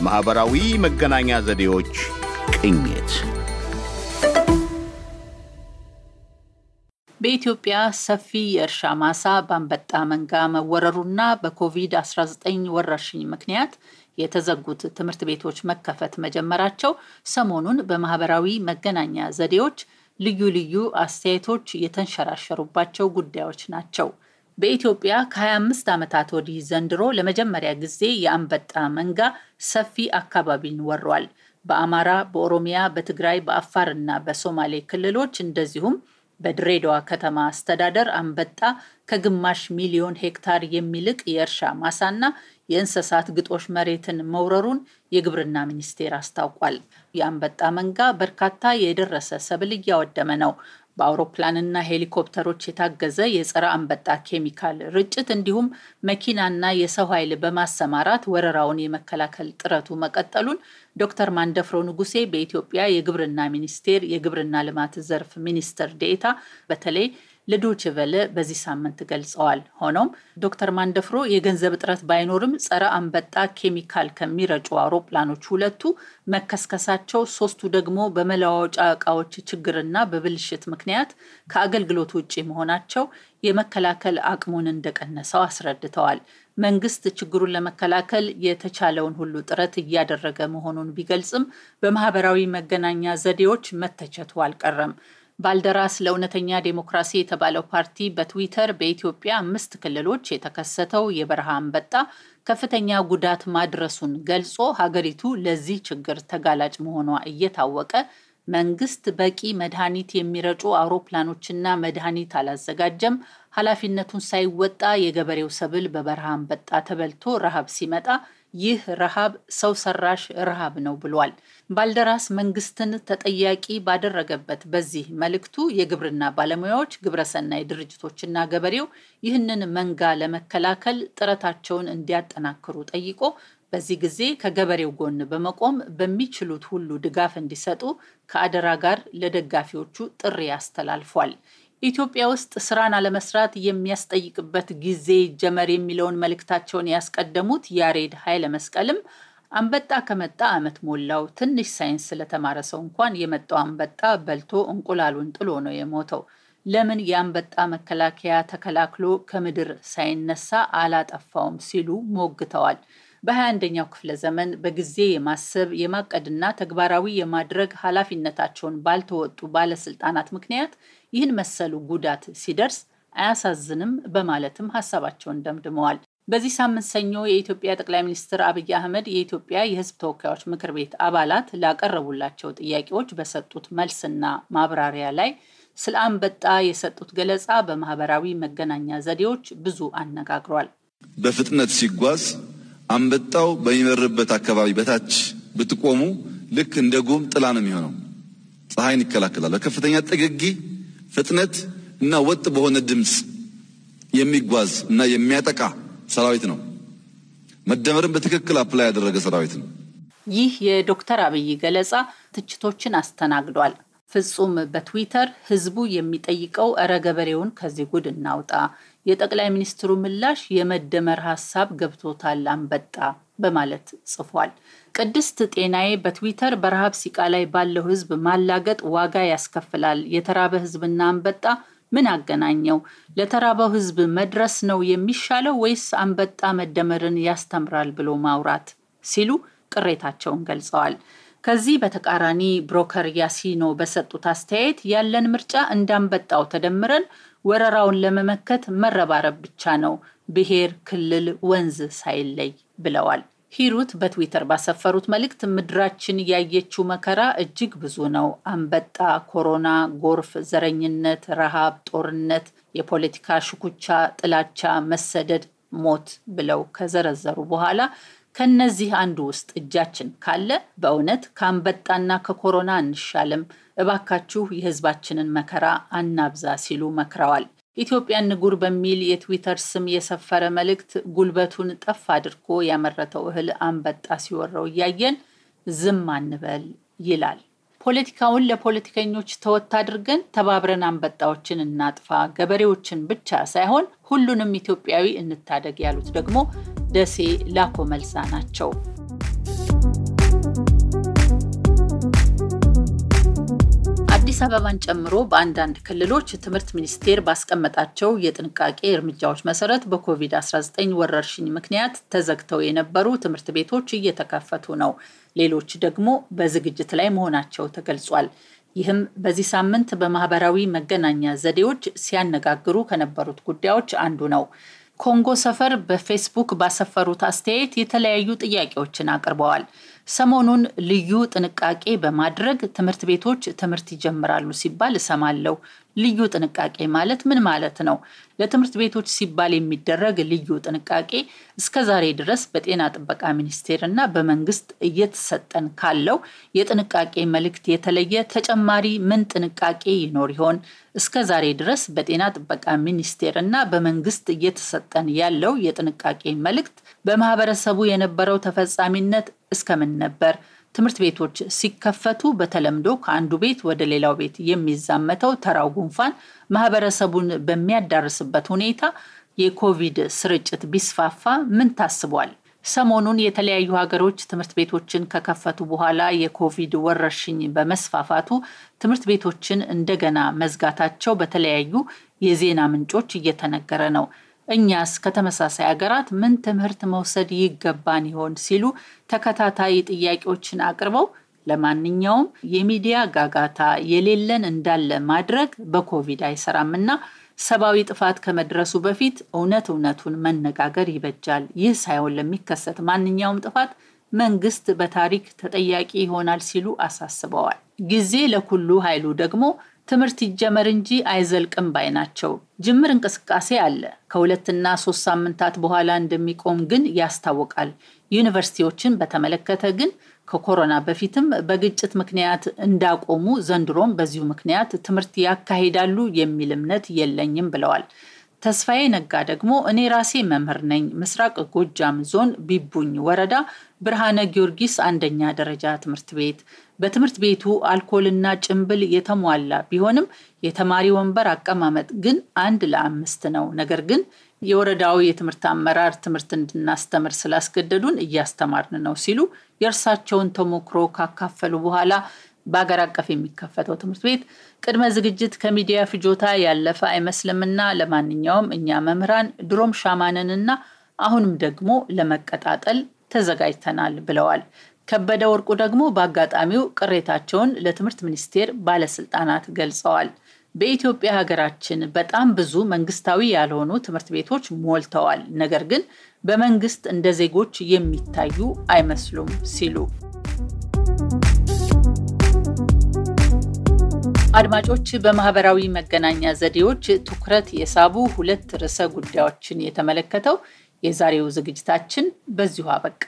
የማኅበራዊ መገናኛ ዘዴዎች ቅኝት በኢትዮጵያ ሰፊ የእርሻ ማሳ በአንበጣ መንጋ መወረሩና በኮቪድ-19 ወረርሽኝ ምክንያት የተዘጉት ትምህርት ቤቶች መከፈት መጀመራቸው ሰሞኑን በማህበራዊ መገናኛ ዘዴዎች ልዩ ልዩ አስተያየቶች የተንሸራሸሩባቸው ጉዳዮች ናቸው። በኢትዮጵያ ከ25 ዓመታት ወዲህ ዘንድሮ ለመጀመሪያ ጊዜ የአንበጣ መንጋ ሰፊ አካባቢን ወሯል። በአማራ፣ በኦሮሚያ፣ በትግራይ፣ በአፋርና በሶማሌ ክልሎች እንደዚሁም በድሬዳዋ ከተማ አስተዳደር አንበጣ ከግማሽ ሚሊዮን ሄክታር የሚልቅ የእርሻ ማሳና የእንስሳት ግጦሽ መሬትን መውረሩን የግብርና ሚኒስቴር አስታውቋል። የአንበጣ መንጋ በርካታ የደረሰ ሰብል እያወደመ ነው። በአውሮፕላንና ሄሊኮፕተሮች የታገዘ የጸረ አንበጣ ኬሚካል ርጭት እንዲሁም መኪናና የሰው ኃይል በማሰማራት ወረራውን የመከላከል ጥረቱ መቀጠሉን ዶክተር ማንደፍሮ ንጉሴ በኢትዮጵያ የግብርና ሚኒስቴር የግብርና ልማት ዘርፍ ሚኒስትር ዴኤታ በተለይ ለዶችቨለ በዚህ ሳምንት ገልጸዋል። ሆኖም ዶክተር ማንደፍሮ የገንዘብ እጥረት ባይኖርም ጸረ አንበጣ ኬሚካል ከሚረጩ አውሮፕላኖች ሁለቱ መከስከሳቸው፣ ሶስቱ ደግሞ በመለዋወጫ እቃዎች ችግርና በብልሽት ምክንያት ከአገልግሎት ውጭ መሆናቸው የመከላከል አቅሙን እንደቀነሰው አስረድተዋል። መንግስት ችግሩን ለመከላከል የተቻለውን ሁሉ ጥረት እያደረገ መሆኑን ቢገልጽም በማህበራዊ መገናኛ ዘዴዎች መተቸቱ አልቀረም። ባልደራስ ለእውነተኛ ዴሞክራሲ የተባለው ፓርቲ በትዊተር በኢትዮጵያ አምስት ክልሎች የተከሰተው የበረሃ አንበጣ ከፍተኛ ጉዳት ማድረሱን ገልጾ ሀገሪቱ ለዚህ ችግር ተጋላጭ መሆኗ እየታወቀ መንግስት በቂ መድኃኒት የሚረጩ አውሮፕላኖችና መድኃኒት አላዘጋጀም፣ ኃላፊነቱን ሳይወጣ የገበሬው ሰብል በበረሃ አንበጣ ተበልቶ ረሃብ ሲመጣ ይህ ረሃብ ሰው ሰራሽ ረሃብ ነው ብሏል። ባልደራስ መንግስትን ተጠያቂ ባደረገበት በዚህ መልእክቱ የግብርና ባለሙያዎች፣ ግብረሰናይ ድርጅቶችና ገበሬው ይህንን መንጋ ለመከላከል ጥረታቸውን እንዲያጠናክሩ ጠይቆ በዚህ ጊዜ ከገበሬው ጎን በመቆም በሚችሉት ሁሉ ድጋፍ እንዲሰጡ ከአደራ ጋር ለደጋፊዎቹ ጥሪ አስተላልፏል። ኢትዮጵያ ውስጥ ስራን አለመስራት የሚያስጠይቅበት ጊዜ ጀመር የሚለውን መልእክታቸውን ያስቀደሙት ያሬድ ኃይለ መስቀልም አንበጣ ከመጣ ዓመት ሞላው። ትንሽ ሳይንስ ስለተማረ ሰው እንኳን የመጣው አንበጣ በልቶ እንቁላሉን ጥሎ ነው የሞተው። ለምን የአንበጣ መከላከያ ተከላክሎ ከምድር ሳይነሳ አላጠፋውም ሲሉ ሞግተዋል። በ21ኛው ክፍለ ዘመን በጊዜ የማሰብ የማቀድና ተግባራዊ የማድረግ ኃላፊነታቸውን ባልተወጡ ባለስልጣናት ምክንያት ይህን መሰሉ ጉዳት ሲደርስ አያሳዝንም በማለትም ሀሳባቸውን ደምድመዋል። በዚህ ሳምንት ሰኞ የኢትዮጵያ ጠቅላይ ሚኒስትር አብይ አህመድ የኢትዮጵያ የሕዝብ ተወካዮች ምክር ቤት አባላት ላቀረቡላቸው ጥያቄዎች በሰጡት መልስና ማብራሪያ ላይ ስለ አንበጣ የሰጡት ገለጻ በማህበራዊ መገናኛ ዘዴዎች ብዙ አነጋግሯል። በፍጥነት ሲጓዝ አንበጣው በሚመርበት አካባቢ በታች ብትቆሙ ልክ እንደ ጉም ጥላ ነው የሚሆነው። ፀሐይን ይከላከላል። በከፍተኛ ጥግጊ ፍጥነት እና ወጥ በሆነ ድምፅ የሚጓዝ እና የሚያጠቃ ሰራዊት ነው። መደመርን በትክክል አፕላይ ያደረገ ሰራዊት ነው። ይህ የዶክተር አብይ ገለጻ ትችቶችን አስተናግዷል። ፍጹም በትዊተር ህዝቡ የሚጠይቀው እረ ገበሬውን ከዚህ ጉድ እናውጣ፣ የጠቅላይ ሚኒስትሩ ምላሽ የመደመር ሀሳብ ገብቶታል አንበጣ በማለት ጽፏል። ቅድስት ጤናዬ በትዊተር በረሃብ ሲቃ ላይ ባለው ህዝብ ማላገጥ ዋጋ ያስከፍላል። የተራበ ህዝብና አንበጣ ምን አገናኘው? ለተራበው ህዝብ መድረስ ነው የሚሻለው ወይስ አንበጣ መደመርን ያስተምራል ብሎ ማውራት ሲሉ ቅሬታቸውን ገልጸዋል። ከዚህ በተቃራኒ ብሮከር ያሲኖ በሰጡት አስተያየት ያለን ምርጫ እንዳንበጣው ተደምረን ወረራውን ለመመከት መረባረብ ብቻ ነው፣ ብሔር፣ ክልል፣ ወንዝ ሳይለይ ብለዋል። ሂሩት በትዊተር ባሰፈሩት መልእክት ምድራችን ያየችው መከራ እጅግ ብዙ ነው። አንበጣ፣ ኮሮና፣ ጎርፍ፣ ዘረኝነት፣ ረሃብ፣ ጦርነት፣ የፖለቲካ ሽኩቻ፣ ጥላቻ፣ መሰደድ፣ ሞት ብለው ከዘረዘሩ በኋላ ከነዚህ አንዱ ውስጥ እጃችን ካለ በእውነት ከአንበጣና ከኮሮና አንሻለም፣ እባካችሁ የህዝባችንን መከራ አናብዛ ሲሉ መክረዋል። ኢትዮጵያን ንጉር በሚል የትዊተር ስም የሰፈረ መልእክት ጉልበቱን ጠፍ አድርጎ ያመረተው እህል አንበጣ ሲወረው እያየን ዝም አንበል ይላል። ፖለቲካውን ለፖለቲከኞች ተወት አድርገን ተባብረን አንበጣዎችን እናጥፋ፣ ገበሬዎችን ብቻ ሳይሆን ሁሉንም ኢትዮጵያዊ እንታደግ ያሉት ደግሞ ደሴ ላኮ መልሳ ናቸው። አዲስ አበባን ጨምሮ በአንዳንድ ክልሎች ትምህርት ሚኒስቴር ባስቀመጣቸው የጥንቃቄ እርምጃዎች መሰረት በኮቪድ-19 ወረርሽኝ ምክንያት ተዘግተው የነበሩ ትምህርት ቤቶች እየተከፈቱ ነው። ሌሎች ደግሞ በዝግጅት ላይ መሆናቸው ተገልጿል። ይህም በዚህ ሳምንት በማህበራዊ መገናኛ ዘዴዎች ሲያነጋግሩ ከነበሩት ጉዳዮች አንዱ ነው። ኮንጎ ሰፈር በፌስቡክ ባሰፈሩት አስተያየት የተለያዩ ጥያቄዎችን አቅርበዋል። ሰሞኑን ልዩ ጥንቃቄ በማድረግ ትምህርት ቤቶች ትምህርት ይጀምራሉ ሲባል እሰማለሁ። ልዩ ጥንቃቄ ማለት ምን ማለት ነው? ለትምህርት ቤቶች ሲባል የሚደረግ ልዩ ጥንቃቄ እስከ ዛሬ ድረስ በጤና ጥበቃ ሚኒስቴር እና በመንግስት እየተሰጠን ካለው የጥንቃቄ መልእክት የተለየ ተጨማሪ ምን ጥንቃቄ ይኖር ይሆን? እስከ ዛሬ ድረስ በጤና ጥበቃ ሚኒስቴር እና በመንግስት እየተሰጠን ያለው የጥንቃቄ መልእክት በማህበረሰቡ የነበረው ተፈጻሚነት እስከምን ነበር? ትምህርት ቤቶች ሲከፈቱ በተለምዶ ከአንዱ ቤት ወደ ሌላው ቤት የሚዛመተው ተራው ጉንፋን ማህበረሰቡን በሚያዳርስበት ሁኔታ የኮቪድ ስርጭት ቢስፋፋ ምን ታስቧል? ሰሞኑን የተለያዩ ሀገሮች ትምህርት ቤቶችን ከከፈቱ በኋላ የኮቪድ ወረርሽኝ በመስፋፋቱ ትምህርት ቤቶችን እንደገና መዝጋታቸው በተለያዩ የዜና ምንጮች እየተነገረ ነው። እኛስ ከተመሳሳይ ሀገራት ምን ትምህርት መውሰድ ይገባን ይሆን ሲሉ ተከታታይ ጥያቄዎችን አቅርበው ለማንኛውም የሚዲያ ጋጋታ የሌለን እንዳለ ማድረግ በኮቪድ አይሰራምና ሰብአዊ ጥፋት ከመድረሱ በፊት እውነት እውነቱን መነጋገር ይበጃል። ይህ ሳይሆን ለሚከሰት ማንኛውም ጥፋት መንግስት በታሪክ ተጠያቂ ይሆናል ሲሉ አሳስበዋል። ጊዜ ለኩሉ ኃይሉ ደግሞ ትምህርት ይጀመር እንጂ አይዘልቅም ባይ ናቸው። ጅምር እንቅስቃሴ አለ። ከሁለትና ሶስት ሳምንታት በኋላ እንደሚቆም ግን ያስታውቃል። ዩኒቨርሲቲዎችን በተመለከተ ግን ከኮሮና በፊትም በግጭት ምክንያት እንዳቆሙ ዘንድሮም በዚሁ ምክንያት ትምህርት ያካሂዳሉ የሚል እምነት የለኝም ብለዋል። ተስፋዬ ነጋ ደግሞ እኔ ራሴ መምህር ነኝ፣ ምስራቅ ጎጃም ዞን ቢቡኝ ወረዳ ብርሃነ ጊዮርጊስ አንደኛ ደረጃ ትምህርት ቤት። በትምህርት ቤቱ አልኮልና ጭንብል የተሟላ ቢሆንም የተማሪ ወንበር አቀማመጥ ግን አንድ ለአምስት ነው። ነገር ግን የወረዳው የትምህርት አመራር ትምህርት እንድናስተምር ስላስገደዱን እያስተማርን ነው ሲሉ የእርሳቸውን ተሞክሮ ካካፈሉ በኋላ በአገር አቀፍ የሚከፈተው ትምህርት ቤት ቅድመ ዝግጅት ከሚዲያ ፍጆታ ያለፈ አይመስልምና ለማንኛውም እኛ መምህራን ድሮም ሻማንንና አሁንም ደግሞ ለመቀጣጠል ተዘጋጅተናል ብለዋል። ከበደ ወርቁ ደግሞ በአጋጣሚው ቅሬታቸውን ለትምህርት ሚኒስቴር ባለስልጣናት ገልጸዋል። በኢትዮጵያ ሀገራችን በጣም ብዙ መንግስታዊ ያልሆኑ ትምህርት ቤቶች ሞልተዋል፣ ነገር ግን በመንግስት እንደ ዜጎች የሚታዩ አይመስሉም ሲሉ አድማጮች በማህበራዊ መገናኛ ዘዴዎች ትኩረት የሳቡ ሁለት ርዕሰ ጉዳዮችን የተመለከተው የዛሬው ዝግጅታችን በዚሁ አበቃ።